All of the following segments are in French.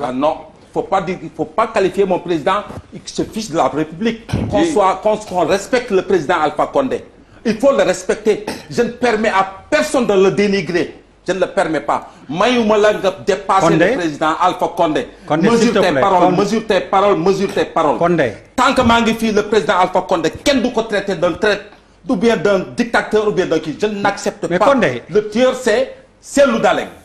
Ah non, il ne faut pas qualifier mon président Il se fiche de la République. Qu'on soit, qu'on respecte le président Alpha Condé. Il faut le respecter. Je ne permets à personne de le dénigrer. Je ne le permets pas. Mayouma pas dépasser le président Alpha Condé. mesure, tes paroles, mesure tes paroles, mesure tes paroles. Tant que Mangifi, le président Alpha Condé, qu'est-ce que traiter d'un traite ou bien d'un dictateur ou bien d'un qui Je n'accepte pas. Le tueur, c'est Loudaleng.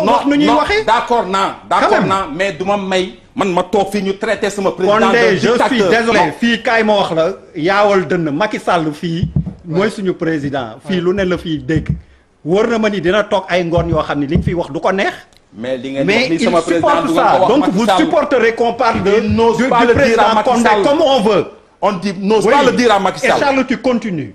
Non, d'accord non, d'accord non, mais du ma may man ma toog fii ñu traité sama président de je suis désolé fii kay ma wax la yaawal dënn Macky Sall fi moy suñu président fi lu ne la fii dégg wóor na ma ni dina tok ay ngoon yo xamni ne fi wax du ko neex. mais li ngeen wax ni sama président du ko donc vous supporterez qu'on parle de dire à Macky Sall. comme on veut. on dit n'ose pas le dire à Macky Sall et Charles tu continues.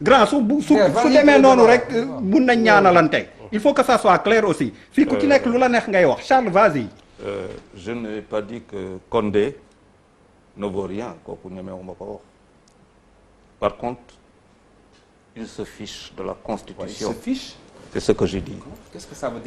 grand su bu su su demee noonu rek euh, mën na ñaanalante il faut que ça soit clair aussi fi ku ci euh, nek lula neex ngay wax Charles vas-y euh, je n'ai pas dit que Condé ne vaut rien kooku ñemewuma mako wax par contre il se fiche de la constitution il se fiche c'est ce que j'ai dit qu'est-ce que ça veut dire